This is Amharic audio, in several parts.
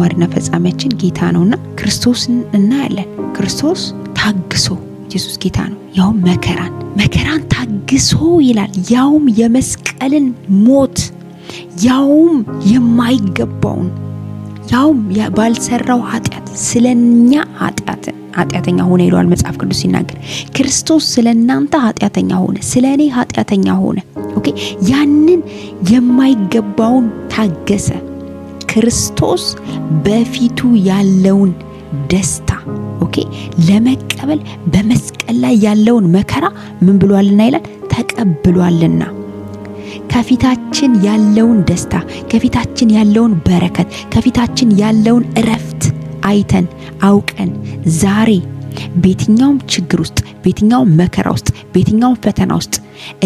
ማሪና ፈጻሚያችን ጌታ ነውና ክርስቶስን እናያለን። ክርስቶስ ታግሶ ኢየሱስ ጌታ ነው። ያውም መከራን መከራን ታግሶ ይላል። ያውም የመስቀልን ሞት፣ ያውም የማይገባውን፣ ያውም ባልሰራው ኃጢአት ስለኛ ኃጢአት ኃጢአተኛ ሆነ ይለዋል መጽሐፍ ቅዱስ ሲናገር። ክርስቶስ ስለ እናንተ ኃጢአተኛ ሆነ፣ ስለ እኔ ኃጢአተኛ ሆነ። ኦኬ ያንን የማይገባውን ታገሰ። ክርስቶስ በፊቱ ያለውን ደስታ ኦኬ ለመቀበል በመስቀል ላይ ያለውን መከራ ምን ብሏልና ይላል ተቀብሏልና ከፊታችን ያለውን ደስታ ከፊታችን ያለውን በረከት ከፊታችን ያለውን እረፍት አይተን አውቀን ዛሬ በየትኛውም ችግር ውስጥ በየትኛውም መከራ ውስጥ በየትኛውም ፈተና ውስጥ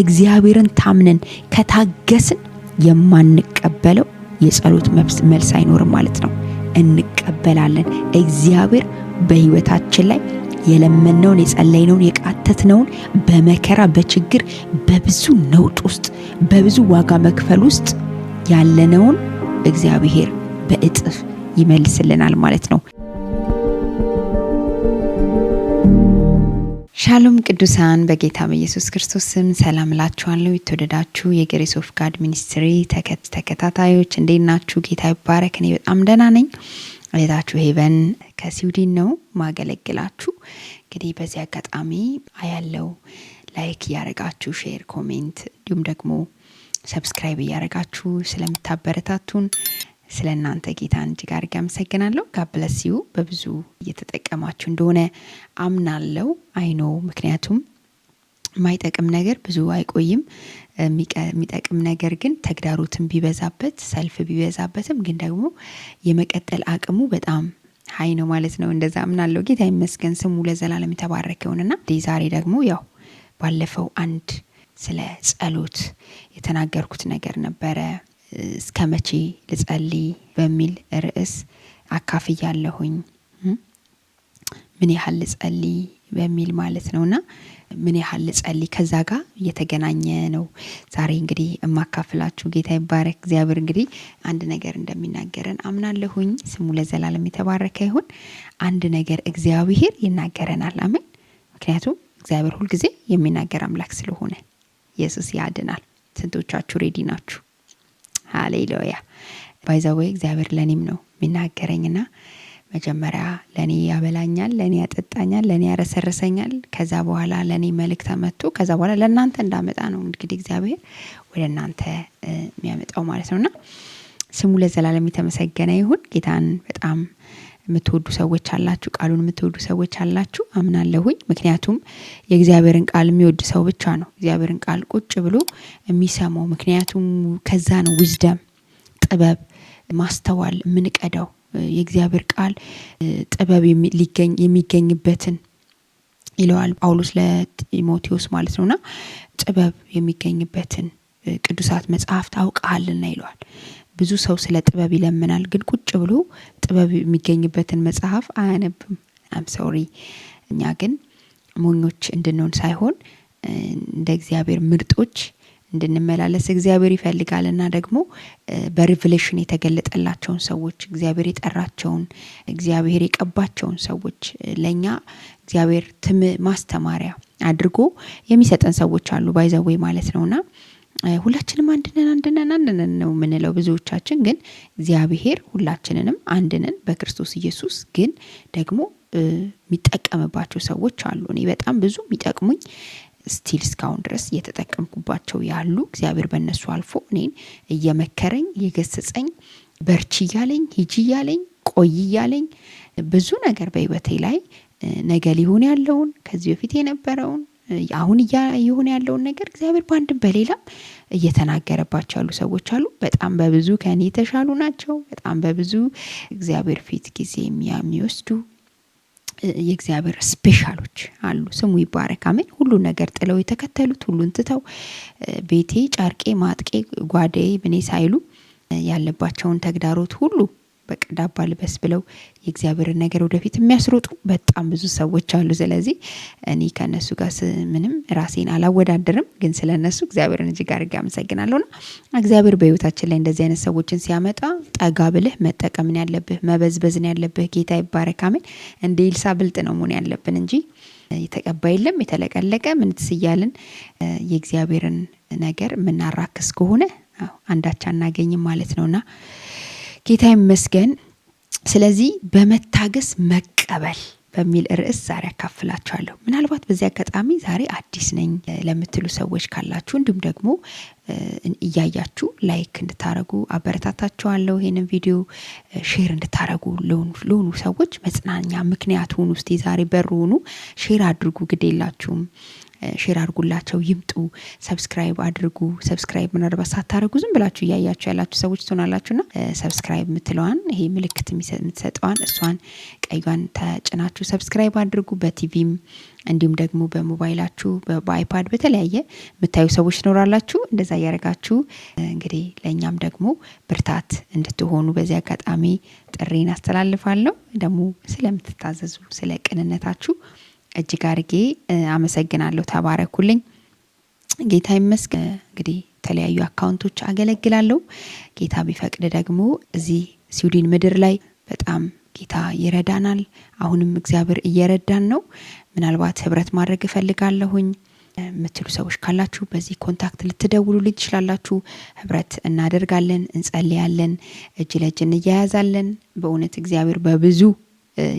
እግዚአብሔርን ታምነን ከታገስን የማንቀበለው የጸሎት መልስ አይኖርም ማለት ነው። እንቀበላለን። እግዚአብሔር በህይወታችን ላይ የለመነውን የጸለይነውን የቃተትነውን በመከራ በችግር በብዙ ነውጥ ውስጥ በብዙ ዋጋ መክፈል ውስጥ ያለነውን እግዚአብሔር በእጥፍ ይመልስልናል ማለት ነው። ሻሎም ቅዱሳን በጌታ በኢየሱስ ክርስቶስ ስም ሰላም እላችኋለሁ። የተወደዳችሁ የግሬስ ኦፍ ጋድ ሚኒስትሪ ተከታታዮች እንዴት ናችሁ? ጌታ ይባረክ። እኔ በጣም ደህና ነኝ። እለታችሁ ሄቨን ከስዊድን ነው ማገለግላችሁ። እንግዲህ በዚህ አጋጣሚ አያለው ላይክ እያረጋችሁ ሼር፣ ኮሜንት እንዲሁም ደግሞ ሰብስክራይብ እያረጋችሁ ስለምታበረታቱን ስለ እናንተ ጌታን እጅግ አድርጌ አመሰግናለሁ። ጋብለሲዩ በብዙ እየተጠቀማችሁ እንደሆነ አምናለው። አይኖ ምክንያቱም የማይጠቅም ነገር ብዙ አይቆይም። የሚጠቅም ነገር ግን ተግዳሮትን ቢበዛበት ሰልፍ ቢበዛበትም ግን ደግሞ የመቀጠል አቅሙ በጣም ሀይ ነው ማለት ነው። እንደዛ አምናለው። ጌታ ይመስገን፣ ስሙ ለዘላለም የተባረከ ዛሬ ደግሞ ያው ባለፈው አንድ ስለ ጸሎት የተናገርኩት ነገር ነበረ እስከ መቼ ልጸልይ በሚል ርዕስ ያለሁኝ ምን ያህል ልጸልይ በሚል ማለት ነው እና ምን ያህል ልጸልይ ከዛ ጋር እየተገናኘ ነው። ዛሬ እንግዲህ የማካፍላችሁ ጌታ ይባረክ እግዚአብሔር እንግዲህ አንድ ነገር እንደሚናገረን አምናለሁኝ ስሙ ለዘላለም የተባረከ ይሁን። አንድ ነገር እግዚአብሔር ይናገረናል አሜን። ምክንያቱም እግዚአብሔር ሁልጊዜ የሚናገር አምላክ ስለሆነ ኢየሱስ ያድናል። ስንቶቻችሁ ሬዲ ናችሁ? ሃሌሉያ ባይዛዌ እግዚአብሔር ለኔም ነው የሚናገረኝና መጀመሪያ ለኔ ያበላኛል፣ ለኔ ያጠጣኛል፣ ለኔ ያረሰርሰኛል። ከዛ በኋላ ለኔ መልእክት መጥቶ ከዛ በኋላ ለእናንተ እንዳመጣ ነው እንግዲህ እግዚአብሔር ወደ እናንተ የሚያመጣው ማለት ነውና ስሙ ለዘላለም የተመሰገነ ይሁን። ጌታን በጣም የምትወዱ ሰዎች አላችሁ ቃሉን የምትወዱ ሰዎች አላችሁ አምናለሁኝ። ምክንያቱም የእግዚአብሔርን ቃል የሚወድ ሰው ብቻ ነው እግዚአብሔርን ቃል ቁጭ ብሎ የሚሰማው ምክንያቱም ከዛ ነው ዊዝደም ጥበብ ማስተዋል የምንቀዳው የእግዚአብሔር ቃል ጥበብ የሚገኝበትን ይለዋል ጳውሎስ ለጢሞቴዎስ ማለት ነውና ጥበብ የሚገኝበትን ቅዱሳት መጽሐፍት ታውቃሃልና ይለዋል። ብዙ ሰው ስለ ጥበብ ይለምናል ግን ቁጭ ብሎ ጥበብ የሚገኝበትን መጽሐፍ አያነብም። አም ሶሪ እኛ ግን ሞኞች እንድንሆን ሳይሆን እንደ እግዚአብሔር ምርጦች እንድንመላለስ እግዚአብሔር ይፈልጋል እና ደግሞ በሪቭሌሽን የተገለጠላቸውን ሰዎች እግዚአብሔር የጠራቸውን እግዚአብሔር የቀባቸውን ሰዎች ለእኛ እግዚአብሔር ትም ማስተማሪያ አድርጎ የሚሰጠን ሰዎች አሉ ባይ ማለት ነውና። ሁላችንም አንድነን አንድነን አንድነን ነው የምንለው ብዙዎቻችን ግን እግዚአብሔር ሁላችንንም አንድነን በክርስቶስ ኢየሱስ ግን ደግሞ የሚጠቀምባቸው ሰዎች አሉ። እኔ በጣም ብዙ የሚጠቅሙኝ ስቲል እስካሁን ድረስ እየተጠቀምኩባቸው ያሉ እግዚአብሔር በእነሱ አልፎ እኔን እየመከረኝ እየገሰጸኝ በርቺ እያለኝ ሂጂ እያለኝ ቆይ እያለኝ ብዙ ነገር በህይወቴ ላይ ነገ ሊሆን ያለውን ከዚህ በፊት የነበረውን አሁን እየሆነ ያለውን ነገር እግዚአብሔር በአንድም በሌላም እየተናገረባቸው ያሉ ሰዎች አሉ። በጣም በብዙ ከኔ የተሻሉ ናቸው። በጣም በብዙ እግዚአብሔር ፊት ጊዜ የሚወስዱ የእግዚአብሔር ስፔሻሎች አሉ። ስሙ ይባረክ አሜን። ሁሉ ነገር ጥለው የተከተሉት ሁሉን ትተው ቤቴ ጨርቄ ማጥቄ ጓዴ ምኔ ሳይሉ ያለባቸውን ተግዳሮት ሁሉ በቃ ዳባ ልበስ ብለው የእግዚአብሔርን ነገር ወደፊት የሚያስሮጡ በጣም ብዙ ሰዎች አሉ። ስለዚህ እኔ ከእነሱ ጋር ምንም ራሴን አላወዳደርም፣ ግን ስለ እነሱ እግዚአብሔርን እጅግ አድርጌ ና እግዚአብሔር በህይወታችን ላይ እንደዚህ አይነት ሰዎችን ሲያመጣ ጠጋ ብልህ መጠቀምን ያለብህ መበዝበዝን ያለብህ ጌታ ይባረክ አሜን። እንደ ኤልሳ ብልጥ ነው መሆን ያለብን እንጂ የተቀባ የለም የተለቀለቀ ምንትስ እያልን የእግዚአብሔርን ነገር የምናራክስ ከሆነ አንዳች አናገኝም ማለት ነውና ጌታ ይመስገን። ስለዚህ በመታገስ መቀበል በሚል ርዕስ ዛሬ ያካፍላችኋለሁ። ምናልባት በዚህ አጋጣሚ ዛሬ አዲስ ነኝ ለምትሉ ሰዎች ካላችሁ እንዲሁም ደግሞ እያያችሁ ላይክ እንድታረጉ አበረታታችኋለሁ። ይህንን ቪዲዮ ሼር እንድታረጉ ለሆኑ ሰዎች መጽናኛ ምክንያት ሁኑ። እስቲ ዛሬ በሩ ሁኑ፣ ሼር አድርጉ። ግድ የላችሁም። ሼር አድርጉላቸው ይምጡ። ሰብስክራይብ አድርጉ። ሰብስክራይብ ምናልባት ሳታደርጉ ዝም ብላችሁ እያያችሁ ያላችሁ ሰዎች ትሆናላችሁ ና ሰብስክራይብ የምትለዋን ይሄ ምልክት የምትሰጠዋን እሷን ቀዩን ተጭናችሁ ሰብስክራይብ አድርጉ። በቲቪም እንዲሁም ደግሞ በሞባይላችሁ በአይፓድ በተለያየ የምታዩ ሰዎች ትኖራላችሁ። እንደዛ እያደረጋችሁ እንግዲህ ለእኛም ደግሞ ብርታት እንድትሆኑ በዚህ አጋጣሚ ጥሪን አስተላልፋለሁ። ደግሞ ስለምትታዘዙ ስለ ቅንነታችሁ እጅግ አርጌ አመሰግናለሁ። ተባረኩልኝ። ጌታ ይመስገን። እንግዲህ የተለያዩ አካውንቶች አገለግላለሁ። ጌታ ቢፈቅድ ደግሞ እዚህ ስዊድን ምድር ላይ በጣም ጌታ ይረዳናል። አሁንም እግዚአብሔር እየረዳን ነው። ምናልባት ህብረት ማድረግ እፈልጋለሁኝ የምትሉ ሰዎች ካላችሁ በዚህ ኮንታክት ልጅ ትችላላችሁ። ህብረት እናደርጋለን፣ እንጸልያለን፣ እጅ ለእጅ እንያያዛለን። በእውነት እግዚአብሔር በብዙ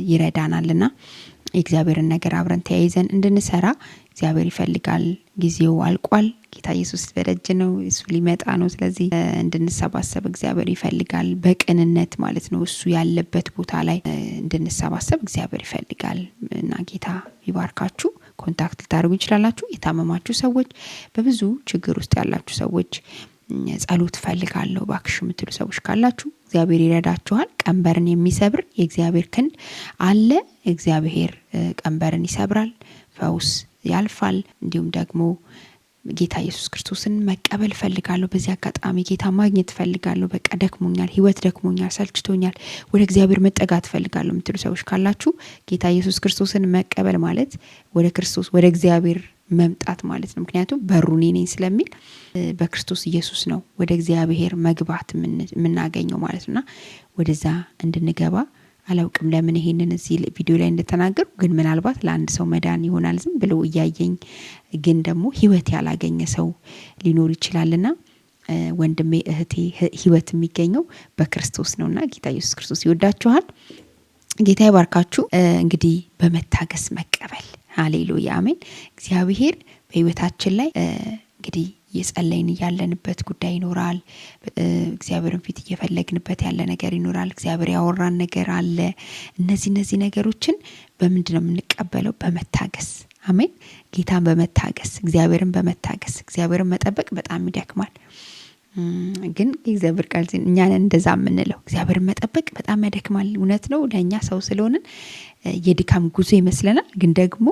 ይረዳናልና የእግዚአብሔርን ነገር አብረን ተያይዘን እንድንሰራ እግዚአብሔር ይፈልጋል። ጊዜው አልቋል። ጌታ ኢየሱስ በደጅ ነው። እሱ ሊመጣ ነው። ስለዚህ እንድንሰባሰብ እግዚአብሔር ይፈልጋል። በቅንነት ማለት ነው። እሱ ያለበት ቦታ ላይ እንድንሰባሰብ እግዚአብሔር ይፈልጋል እና ጌታ ይባርካችሁ። ኮንታክት ልታደርጉ ይችላላችሁ። የታመማችሁ ሰዎች፣ በብዙ ችግር ውስጥ ያላችሁ ሰዎች ጸሎት ፈልጋለሁ በአክሽ የምትሉ ሰዎች ካላችሁ እግዚአብሔር ይረዳችኋል። ቀንበርን የሚሰብር የእግዚአብሔር ክንድ አለ። እግዚአብሔር ቀንበርን ይሰብራል፣ ፈውስ ያልፋል። እንዲሁም ደግሞ ጌታ ኢየሱስ ክርስቶስን መቀበል ፈልጋለሁ። በዚህ አጋጣሚ ጌታ ማግኘት ፈልጋለሁ። በቃ ደክሞኛል፣ ህይወት ደክሞኛል፣ ሰልችቶኛል፣ ወደ እግዚአብሔር መጠጋት ፈልጋለሁ የምትሉ ሰዎች ካላችሁ ጌታ ኢየሱስ ክርስቶስን መቀበል ማለት ወደ ክርስቶስ ወደ እግዚአብሔር መምጣት ማለት ነው። ምክንያቱም በሩ እኔ ነኝ ስለሚል በክርስቶስ ኢየሱስ ነው ወደ እግዚአብሔር መግባት የምናገኘው ማለት ነውና ወደዛ እንድንገባ አላውቅም ለምን ይሄንን እዚህ ቪዲዮ ላይ እንደተናገሩ ግን ምናልባት ለአንድ ሰው መዳን ይሆናል ዝም ብሎ እያየኝ ግን ደግሞ ህይወት ያላገኘ ሰው ሊኖር ይችላልና ወንድሜ እህቴ ህይወት የሚገኘው በክርስቶስ ነውና ጌታ ኢየሱስ ክርስቶስ ይወዳችኋል ጌታ ይባርካችሁ እንግዲህ በመታገስ መቀበል ሀሌሉያ አሜን እግዚአብሔር በህይወታችን ላይ እንግዲህ እየጸለይን ያለንበት ጉዳይ ይኖራል። እግዚአብሔርን ፊት እየፈለግንበት ያለ ነገር ይኖራል። እግዚአብሔር ያወራን ነገር አለ። እነዚህ እነዚህ ነገሮችን በምንድን ነው የምንቀበለው? በመታገስ አሜን። ጌታን በመታገስ እግዚአብሔርን በመታገስ እግዚአብሔርን መጠበቅ በጣም ይደክማል። ግን የእግዚአብሔር ቃል እኛን እንደዛ የምንለው እግዚአብሔርን መጠበቅ በጣም ያደክማል። እውነት ነው። ለእኛ ሰው ስለሆንን የድካም ጉዞ ይመስለናል። ግን ደግሞ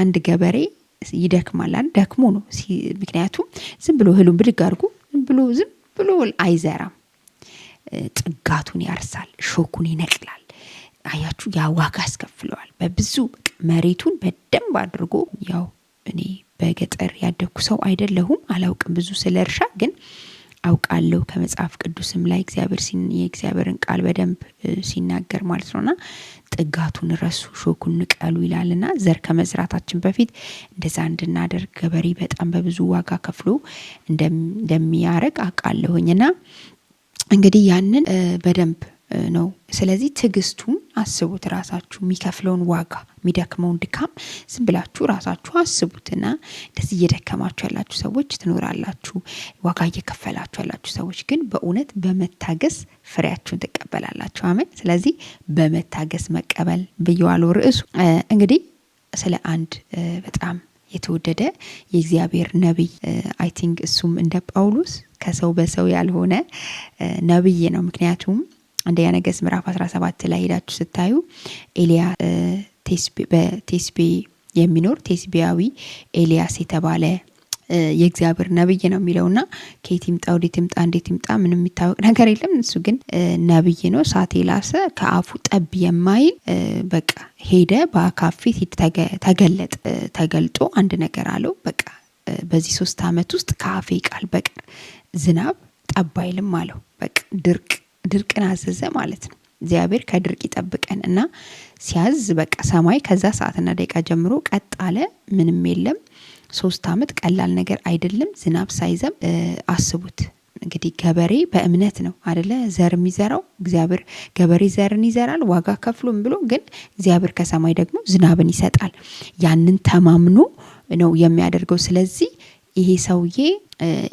አንድ ገበሬ ይደክማላል። ደክሞ ነው ምክንያቱም ዝም ብሎ እህሉን ብድግ አድርጎ ዝም ብሎ ዝም ብሎ አይዘራም። ጥጋቱን ያርሳል፣ ሾኩን ይነቅላል። አያችሁ፣ ያ ዋጋ ያስከፍለዋል በብዙ መሬቱን በደንብ አድርጎ ያው እኔ በገጠር ያደግኩ ሰው አይደለሁም፣ አላውቅም ብዙ ስለ እርሻ ግን አውቃለሁ ከመጽሐፍ ቅዱስም ላይ እግዚአብሔር የእግዚአብሔርን ቃል በደንብ ሲናገር ማለት ነውና ጥጋቱን ረሱ ሾኩን ንቀሉ ይላልና ዘር ከመዝራታችን በፊት እንደዛ እንድናደርግ ገበሬ በጣም በብዙ ዋጋ ከፍሎ እንደሚያረግ አውቃለሁኝ እንግዲህ ያንን በደንብ ነው። ስለዚህ ትዕግስቱን አስቡት። ራሳችሁ የሚከፍለውን ዋጋ የሚደክመውን ድካም ዝም ብላችሁ ራሳችሁ አስቡትና እንደዚህ እየደከማችሁ ያላችሁ ሰዎች ትኖራላችሁ። ዋጋ እየከፈላችሁ ያላችሁ ሰዎች ግን በእውነት በመታገስ ፍሬያችሁን ትቀበላላችሁ። አሜን። ስለዚህ በመታገስ መቀበል ብየዋለው። ርዕሱ እንግዲህ ስለ አንድ በጣም የተወደደ የእግዚአብሔር ነቢይ አይ ቲንክ እሱም እንደ ጳውሎስ ከሰው በሰው ያልሆነ ነቢይ ነው። ምክንያቱም አንደኛ ነገሥት ምዕራፍ 17 ላይ ሄዳችሁ ስታዩ ኤልያ በቴስቤ የሚኖር ቴስቢያዊ ኤልያስ የተባለ የእግዚአብሔር ነብይ ነው የሚለው የሚለውና ከየት ይምጣ ወዴት ይምጣ እንዴት ይምጣ ምንም የሚታወቅ ነገር የለም። እሱ ግን ነብይ ነው፣ እሳት የላሰ ከአፉ ጠብ የማይል በቃ ሄደ። በአካብ ፊት ተገለጠ። ተገልጦ አንድ ነገር አለው። በቃ በዚህ ሶስት አመት ውስጥ ከአፌ ቃል በቀር ዝናብ ጠብ አይልም አለው። በቃ ድርቅ ድርቅን አዘዘ ማለት ነው። እግዚአብሔር ከድርቅ ይጠብቀን እና ሲያዝ በቃ ሰማይ ከዛ ሰዓትና ደቂቃ ጀምሮ ቀጥ አለ። ምንም የለም። ሶስት አመት ቀላል ነገር አይደለም። ዝናብ ሳይዘም አስቡት እንግዲህ ገበሬ በእምነት ነው አደለ ዘር የሚዘራው። እግዚአብሔር ገበሬ ዘርን ይዘራል ዋጋ ከፍሎም ብሎ ግን እግዚአብሔር ከሰማይ ደግሞ ዝናብን ይሰጣል። ያንን ተማምኖ ነው የሚያደርገው። ስለዚህ ይሄ ሰውዬ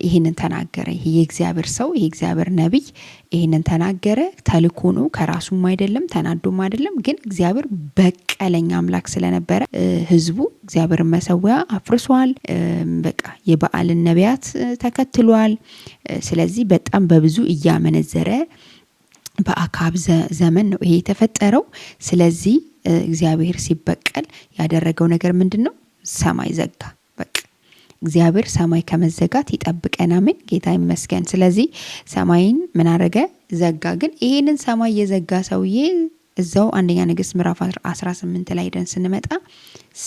ይሄንን ተናገረ፣ ይሄ የእግዚአብሔር ሰው ይሄ እግዚአብሔር ነቢይ ይሄንን ተናገረ። ተልኮ ነው፣ ከራሱም አይደለም፣ ተናዶም አይደለም። ግን እግዚአብሔር በቀለኛ አምላክ ስለነበረ ህዝቡ እግዚአብሔርን መሰዊያ አፍርሷል። በቃ የበዓልን ነቢያት ተከትሏል። ስለዚህ በጣም በብዙ እያመነዘረ በአካብ ዘመን ነው ይሄ የተፈጠረው። ስለዚህ እግዚአብሔር ሲበቀል ያደረገው ነገር ምንድን ነው? ሰማይ ዘጋ። እግዚአብሔር ሰማይ ከመዘጋት ይጠብቀን። አሜን። ጌታ ይመስገን። ስለዚህ ሰማይን ምን አረገ? ዘጋ። ግን ይሄንን ሰማይ የዘጋ ሰውዬ እዛው አንደኛ ንግስት ምዕራፍ 18 ላይ ደን ስንመጣ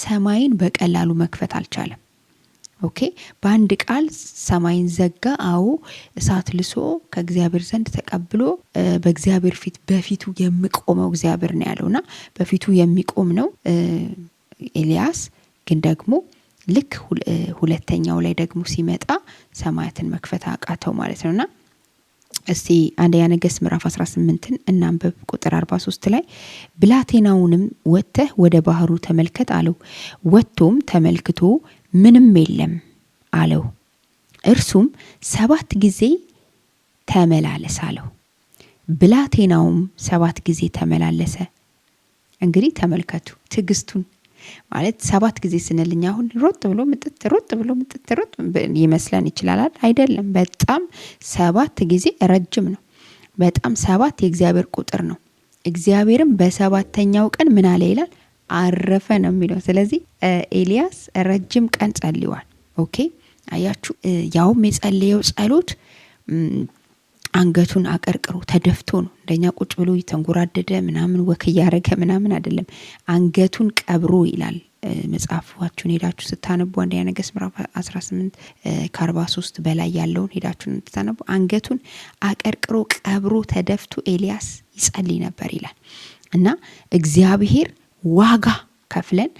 ሰማይን በቀላሉ መክፈት አልቻለም። ኦኬ፣ በአንድ ቃል ሰማይን ዘጋ። አዎ እሳት ልሶ ከእግዚአብሔር ዘንድ ተቀብሎ በእግዚአብሔር ፊት በፊቱ የሚቆመው እግዚአብሔር ነው ያለውና በፊቱ የሚቆም ነው ኤልያስ ግን ደግሞ ልክ ሁለተኛው ላይ ደግሞ ሲመጣ ሰማያትን መክፈት አቃተው ማለት ነው። እና እስቲ አንደኛ ነገሥት ምዕራፍ 18ን እናንብብ። ቁጥር 43 ላይ ብላቴናውንም ወጥተህ ወደ ባህሩ ተመልከት አለው። ወጥቶም ተመልክቶ ምንም የለም አለው። እርሱም ሰባት ጊዜ ተመላለስ አለው። ብላቴናውም ሰባት ጊዜ ተመላለሰ። እንግዲህ ተመልከቱ ትዕግስቱን ማለት ሰባት ጊዜ ስንልኝ አሁን ሮጥ ብሎ ምጥጥ ሮጥ ብሎ ምጥጥ ሮጥ ይመስለን ይችላል አይደለም በጣም ሰባት ጊዜ ረጅም ነው። በጣም ሰባት የእግዚአብሔር ቁጥር ነው። እግዚአብሔርም በሰባተኛው ቀን ምን አለ ይላል አረፈ ነው የሚለው ስለዚህ ኤልያስ ረጅም ቀን ጸልዋል። ኦኬ አያችሁ ያውም የጸለየው ጸሎት አንገቱን አቀርቅሮ ተደፍቶ ነው። እንደኛ ቁጭ ብሎ የተንጎራደደ ምናምን ወክ እያረገ ምናምን አይደለም። አንገቱን ቀብሮ ይላል መጽሐፋችሁን ሄዳችሁ ስታነቡ አንደኛ ነገሥት ምዕራፍ 18 ከአርባ ሶስት በላይ ያለውን ሄዳችሁን ስታነቡ አንገቱን አቀርቅሮ ቀብሮ ተደፍቶ ኤልያስ ይጸልይ ነበር ይላል እና እግዚአብሔር ዋጋ ከፍለን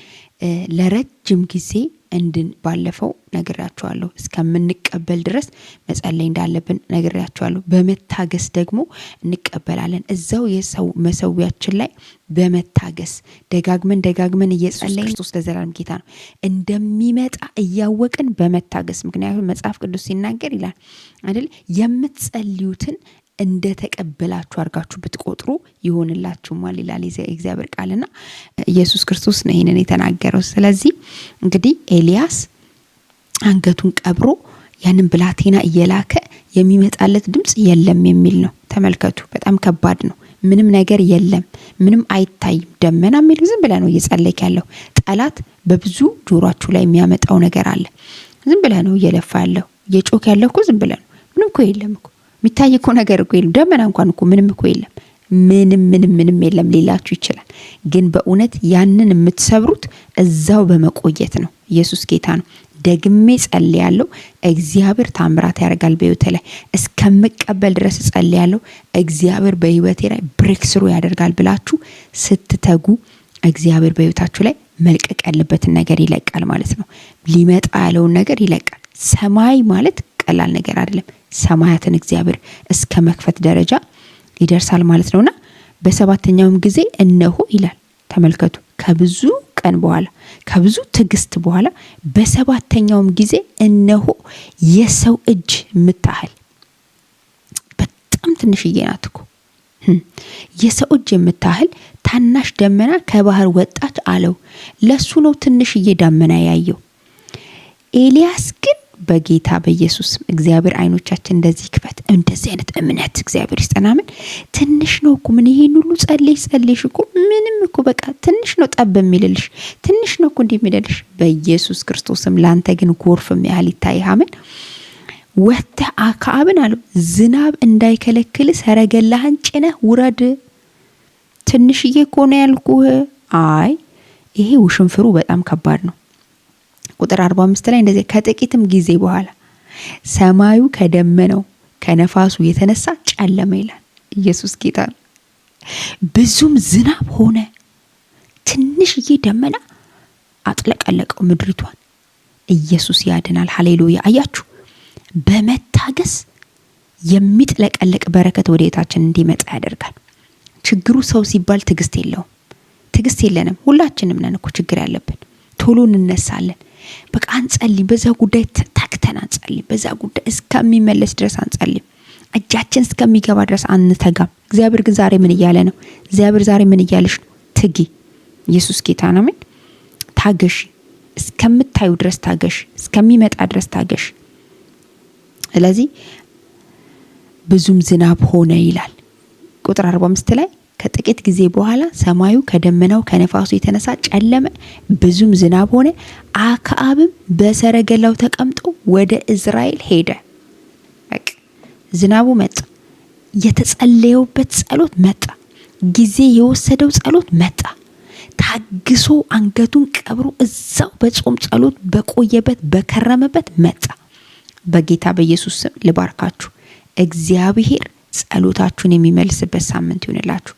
ለረጅም ጊዜ እንድን ባለፈው ነግሬያቸዋለሁ። እስከምንቀበል ድረስ መጸለይ እንዳለብን ነግሬያቸዋለሁ። በመታገስ ደግሞ እንቀበላለን። እዛው የሰው መሰዊያችን ላይ በመታገስ ደጋግመን ደጋግመን እየጸለይ ክርስቶስ ለዘላለም ጌታ ነው እንደሚመጣ እያወቅን በመታገስ ምክንያቱም መጽሐፍ ቅዱስ ሲናገር ይላል አይደል የምትጸልዩትን እንደ ተቀበላችሁ አድርጋችሁ ብትቆጥሩ ይሆንላችሁማል ይላል የእግዚአብሔር ቃልና ኢየሱስ ክርስቶስ ነው ይህንን የተናገረው። ስለዚህ እንግዲህ ኤልያስ አንገቱን ቀብሮ ያንን ብላቴና እየላከ የሚመጣለት ድምፅ የለም የሚል ነው። ተመልከቱ፣ በጣም ከባድ ነው። ምንም ነገር የለም፣ ምንም አይታይም። ደመና የሚል ዝም ብለህ ነው እየጸለክ ያለው። ጠላት በብዙ ጆሯችሁ ላይ የሚያመጣው ነገር አለ። ዝም ብለህ ነው እየለፋ ያለው። እየጮክ ያለው እኮ ዝም ብለህ ነው። ምንም እኮ የለም እኮ የሚታይ እኮ ነገር እኮ የለም። ደመና እንኳን እኮ ምንም እኮ የለም። ምንም ምንም ምንም የለም ሊላችሁ ይችላል። ግን በእውነት ያንን የምትሰብሩት እዛው በመቆየት ነው። ኢየሱስ ጌታ ነው። ደግሜ ጸልያለሁ። እግዚአብሔር ታምራት ያደርጋል በህይወቴ ላይ እስከምቀበል ድረስ ጸልያለሁ። እግዚአብሔር በህይወቴ ላይ ብሬክስሩ ያደርጋል ብላችሁ ስትተጉ እግዚአብሔር በህይወታችሁ ላይ መልቀቅ ያለበትን ነገር ይለቃል ማለት ነው። ሊመጣ ያለውን ነገር ይለቃል። ሰማይ ማለት ቀላል ነገር አይደለም። ሰማያትን እግዚአብሔር እስከ መክፈት ደረጃ ይደርሳል ማለት ነውና በሰባተኛውም ጊዜ እነሆ ይላል። ተመልከቱ ከብዙ ቀን በኋላ ከብዙ ትዕግስት በኋላ በሰባተኛውም ጊዜ እነሆ የሰው እጅ የምታህል በጣም ትንሽዬ ናት እኮ የሰው እጅ የምታህል ታናሽ ደመና ከባህር ወጣች አለው። ለሱ ነው ትንሽዬ ደመና ያየው። ኤልያስ ግን በጌታ በኢየሱስ እግዚአብሔር አይኖቻችን እንደዚህ ክፈት። እንደዚህ አይነት እምነት እግዚአብሔር ይስጠናምን። ትንሽ ነው እኮ ምን ይሄን ሁሉ ጸልይ ጸልይሽ እኮ ምንም እኮ በቃ ትንሽ ነው ጠብ የሚልልሽ ትንሽ ነው እኮ እንዲህ የሚልልሽ በኢየሱስ ክርስቶስም። ለአንተ ግን ጎርፍም ያህል ይታይ ይታይሃምን ወጥተህ አክዓብን አለው ዝናብ እንዳይከለክል ሰረገላህን ጭነህ ውረድ። ትንሽዬ እኮ ነው ያልኩህ። አይ ይሄ ውሽንፍሩ በጣም ከባድ ነው። ቁጥር 45 ላይ እንደዚህ ከጥቂትም ጊዜ በኋላ ሰማዩ ከደመናው ከነፋሱ የተነሳ ጨለመ ይላል። ኢየሱስ ጌታ ነው። ብዙም ዝናብ ሆነ። ትንሽዬ ደመና አጥለቀለቀው ምድሪቷን። ኢየሱስ ያድናል። ሀሌሉያ! አያችሁ፣ በመታገስ የሚጥለቀለቅ በረከት ወደ ወደየታችን እንዲመጣ ያደርጋል። ችግሩ ሰው ሲባል ትዕግስት የለውም። ትዕግስት የለንም። ሁላችንም ነን እኮ ችግር ያለብን። ቶሎ እንነሳለን። በቃ አንጸልም፣ በዛ ጉዳይ ተግተን አንጸልም፣ በዛ ጉዳይ እስከሚመለስ ድረስ አንጸልም፣ እጃችን እስከሚገባ ድረስ አንተጋም። እግዚአብሔር ግን ዛሬ ምን እያለ ነው? እግዚአብሔር ዛሬ ምን እያለሽ ነው? ትጊ። ኢየሱስ ጌታ ነው። ምን ታገሽ፣ እስከምታዩ ድረስ ታገሽ፣ እስከሚመጣ ድረስ ታገሽ። ስለዚህ ብዙም ዝናብ ሆነ ይላል ቁጥር 45 ላይ ከጥቂት ጊዜ በኋላ ሰማዩ ከደመናው ከነፋሱ የተነሳ ጨለመ፣ ብዙም ዝናብ ሆነ። አክዓብም በሰረገላው ተቀምጦ ወደ እዝራኤል ሄደ። ዝናቡ መጣ። የተጸለየውበት ጸሎት መጣ። ጊዜ የወሰደው ጸሎት መጣ። ታግሶ አንገቱን ቀብሮ እዛው በጾም ጸሎት በቆየበት በከረመበት መጣ። በጌታ በኢየሱስ ስም ልባርካችሁ። እግዚአብሔር ጸሎታችሁን የሚመልስበት ሳምንት ይሆንላችሁ።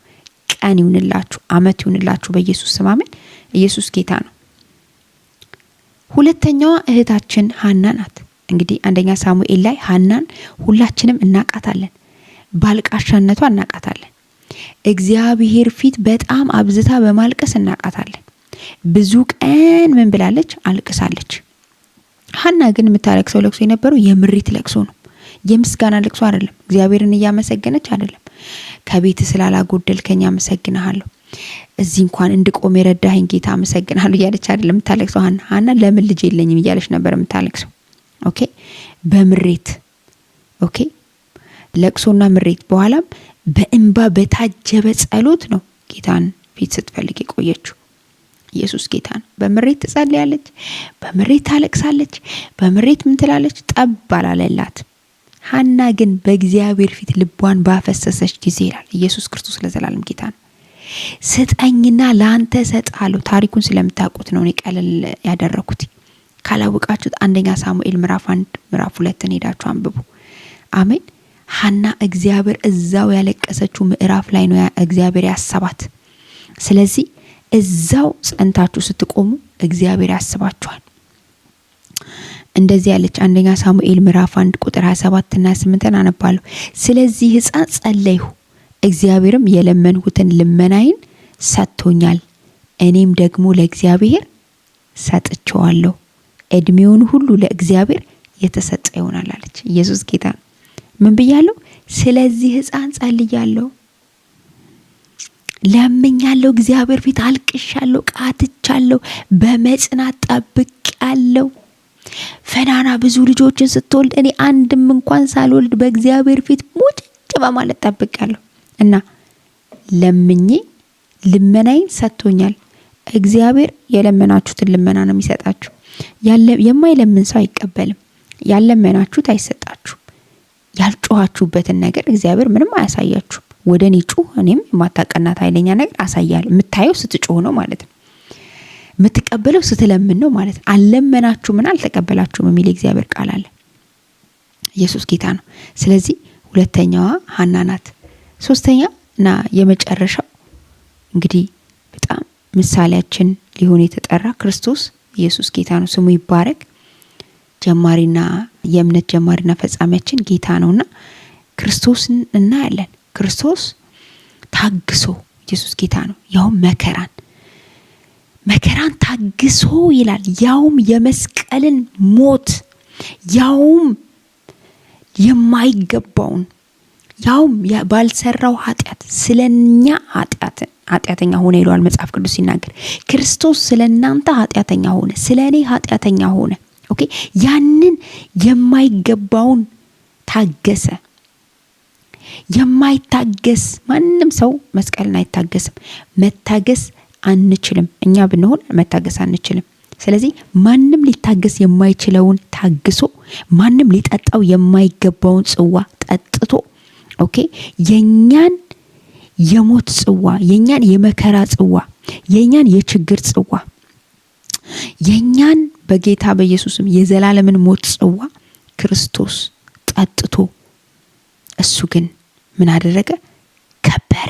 ቀን ይሁንላችሁ፣ አመት ይሁንላችሁ በኢየሱስ ስም አሜን። ኢየሱስ ጌታ ነው። ሁለተኛዋ እህታችን ሀና ናት። እንግዲህ አንደኛ ሳሙኤል ላይ ሀናን ሁላችንም እናቃታለን፣ ባልቃሻነቷ እናቃታለን። እግዚአብሔር ፊት በጣም አብዝታ በማልቀስ እናቃታለን። ብዙ ቀን ምን ብላለች? አልቅሳለች። ሀና ግን የምታለቅሰው ለቅሶ የነበረው የምሪት ለቅሶ ነው፣ የምስጋና ለቅሶ አይደለም። እግዚአብሔርን እያመሰገነች አይደለም። ከቤት ስላላጎደልከኝ አመሰግንሃለሁ። እዚህ እንኳን እንድቆም የረዳኸኝ ጌታ አመሰግናለሁ እያለች አይደለም የምታለቅሰው ሀና። ሀና ለምን ልጅ የለኝም እያለች ነበር የምታለቅሰው። ኦኬ በምሬት ኦኬ፣ ለቅሶና ምሬት በኋላም በእንባ በታጀበ ጸሎት ነው ጌታን ፊት ስትፈልግ የቆየችው። ኢየሱስ ጌታ ነው። በምሬት ትጸልያለች፣ በምሬት ታለቅሳለች፣ በምሬት ምን ትላለች? ጠብ አላለላት። ሀና ግን በእግዚአብሔር ፊት ልቧን ባፈሰሰች ጊዜ ይላል ኢየሱስ ክርስቶስ ለዘላለም ጌታ ነው። ስጠኝና ለአንተ እሰጥሃለሁ። ታሪኩን ስለምታውቁት ነው እኔ ቀለል ያደረኩት። ካላወቃችሁት አንደኛ ሳሙኤል ምዕራፍ አንድ ምዕራፍ ሁለትን ሄዳችሁ አንብቡ። አሜን። ሀና እግዚአብሔር እዛው ያለቀሰችው ምዕራፍ ላይ ነው እግዚአብሔር ያሰባት። ስለዚህ እዛው ጸንታችሁ ስትቆሙ እግዚአብሔር ያስባችኋል። እንደዚህ ያለች አንደኛ ሳሙኤል ምዕራፍ አንድ ቁጥር 27 እና 8 አነባለሁ። ስለዚህ ህፃን ጸለይሁ፣ እግዚአብሔርም የለመንሁትን ልመናይን ሰጥቶኛል፣ እኔም ደግሞ ለእግዚአብሔር ሰጥቼዋለሁ፣ እድሜውን ሁሉ ለእግዚአብሔር የተሰጠ ይሆናል አለች። ኢየሱስ ጌታ ነው። ምን ብያለሁ? ስለዚህ ህፃን ጸልያለሁ፣ ለምኛለሁ፣ እግዚአብሔር ፊት አልቅሻለሁ፣ ቃትቻለሁ፣ በመጽናት ጠብቄያለሁ። ፈናና ብዙ ልጆችን ስትወልድ እኔ አንድም እንኳን ሳልወልድ በእግዚአብሔር ፊት ሙጭጭ በማለት ጠብቃለሁ እና ለምኝ ልመናይን ሰጥቶኛል። እግዚአብሔር የለመናችሁትን ልመና ነው የሚሰጣችሁ። የማይለምን ሰው አይቀበልም። ያለመናችሁት አይሰጣችሁም። ያልጮኋችሁበትን ነገር እግዚአብሔር ምንም አያሳያችሁም። ወደ እኔ ጩህ፣ እኔም የማታቀናት ኃይለኛ ነገር አሳያል የምታየው ስትጮህ ነው ማለት ነው። የምትቀበለው ስትለምን ነው ማለት ነው። ምን አልተቀበላችሁም የሚል እግዚአብሔር ቃል አለ። ኢየሱስ ጌታ ነው። ስለዚህ ሁለተኛዋ ሀና ናት። ሶስተኛ እና የመጨረሻው እንግዲህ በጣም ምሳሌያችን ሊሆን የተጠራ ክርስቶስ ኢየሱስ ጌታ ነው፣ ስሙ ይባረክ። ጀማሪና የእምነት ጀማሪና ፈጻሚያችን ጌታ ነውና ክርስቶስን እናያለን። ክርስቶስ ታግሶ ኢየሱስ ጌታ ነው፣ ያውም መከራን መከራን ታግሶ ይላል ያውም የመስቀልን ሞት ያውም የማይገባውን ያውም ባልሰራው ኃጢአት ስለኛ ኃጢአት ኃጢአተኛ ሆነ ይለዋል መጽሐፍ ቅዱስ ሲናገር ክርስቶስ ስለ እናንተ ኃጢአተኛ ሆነ፣ ስለ እኔ ኃጢአተኛ ሆነ። ኦኬ ያንን የማይገባውን ታገሰ። የማይታገስ ማንም ሰው መስቀልን አይታገስም። መታገስ አንችልም። እኛ ብንሆን መታገስ አንችልም። ስለዚህ ማንም ሊታገስ የማይችለውን ታግሶ ማንም ሊጠጣው የማይገባውን ጽዋ ጠጥቶ ኦኬ የኛን የሞት ጽዋ የኛን የመከራ ጽዋ የኛን የችግር ጽዋ የኛን በጌታ በኢየሱስም የዘላለምን ሞት ጽዋ ክርስቶስ ጠጥቶ እሱ ግን ምን አደረገ? ከበረ።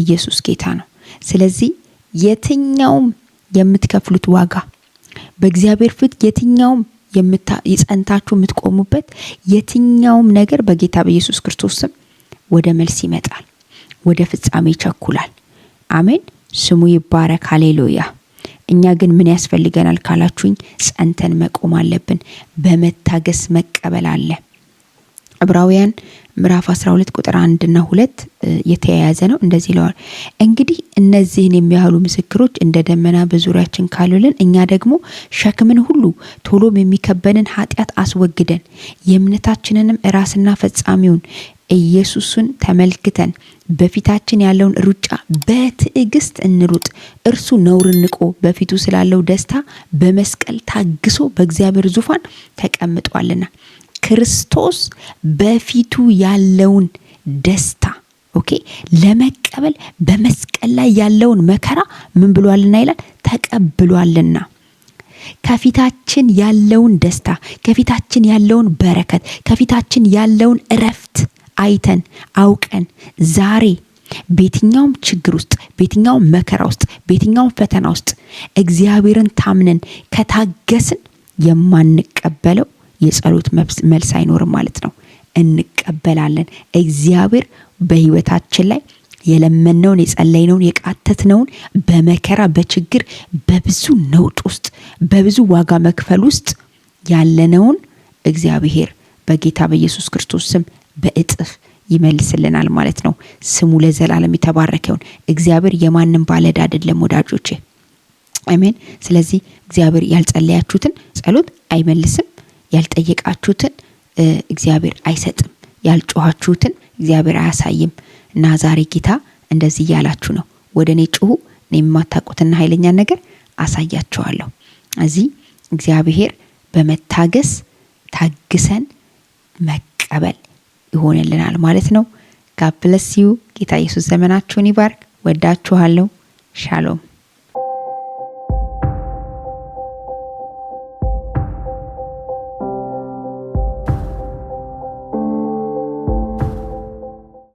ኢየሱስ ጌታ ነው። ስለዚህ የትኛውም የምትከፍሉት ዋጋ በእግዚአብሔር ፊት የትኛውም የጸንታችሁ የምትቆሙበት የትኛውም ነገር በጌታ በኢየሱስ ክርስቶስ ስም ወደ መልስ ይመጣል፣ ወደ ፍጻሜ ይቸኩላል። አሜን። ስሙ ይባረክ። ሃሌሉያ። እኛ ግን ምን ያስፈልገናል ካላችሁኝ፣ ጸንተን መቆም አለብን። በመታገስ መቀበል አለ። ዕብራውያን ምዕራፍ 12 ቁጥር 1 እና 2 የተያያዘ ነው። እንደዚህ ይለዋል፣ እንግዲህ እነዚህን የሚያህሉ ምስክሮች እንደ ደመና በዙሪያችን ካሉልን እኛ ደግሞ ሸክምን ሁሉ ቶሎም የሚከበንን ኃጢአት አስወግደን የእምነታችንንም ራስና ፈጻሚውን ኢየሱስን ተመልክተን በፊታችን ያለውን ሩጫ በትዕግስት እንሩጥ። እርሱ ነውር ንቆ በፊቱ ስላለው ደስታ በመስቀል ታግሶ በእግዚአብሔር ዙፋን ተቀምጧልና። ክርስቶስ በፊቱ ያለውን ደስታ ኦኬ ለመቀበል በመስቀል ላይ ያለውን መከራ ምን ብሏልና ይላል ተቀብሏልና። ከፊታችን ያለውን ደስታ፣ ከፊታችን ያለውን በረከት፣ ከፊታችን ያለውን እረፍት አይተን አውቀን ዛሬ በየትኛውም ችግር ውስጥ በየትኛውም መከራ ውስጥ በየትኛውም ፈተና ውስጥ እግዚአብሔርን ታምነን ከታገስን የማንቀበለው የጸሎት መልስ አይኖርም ማለት ነው። እንቀበላለን። እግዚአብሔር በህይወታችን ላይ የለመነውን የጸለይነውን የቃተትነውን በመከራ በችግር በብዙ ነውጥ ውስጥ በብዙ ዋጋ መክፈል ውስጥ ያለነውን እግዚአብሔር በጌታ በኢየሱስ ክርስቶስ ስም በእጥፍ ይመልስልናል ማለት ነው። ስሙ ለዘላለም የተባረከውን እግዚአብሔር የማንም ባለዕዳ አይደለም ወዳጆቼ። አሜን። ስለዚህ እግዚአብሔር ያልጸለያችሁትን ጸሎት አይመልስም። ያልጠየቃችሁትን እግዚአብሔር አይሰጥም፣ ያልጮኋችሁትን እግዚአብሔር አያሳይም እና ዛሬ ጌታ እንደዚህ እያላችሁ ነው፣ ወደ እኔ ጩሁ፣ እኔ የማታውቁትና ኃይለኛ ነገር አሳያችኋለሁ። እዚህ እግዚአብሔር በመታገስ ታግሰን መቀበል ይሆንልናል ማለት ነው። ጋብለስ ዩ ጌታ ኢየሱስ ዘመናችሁን ይባርክ። ወዳችኋለሁ። ሻሎም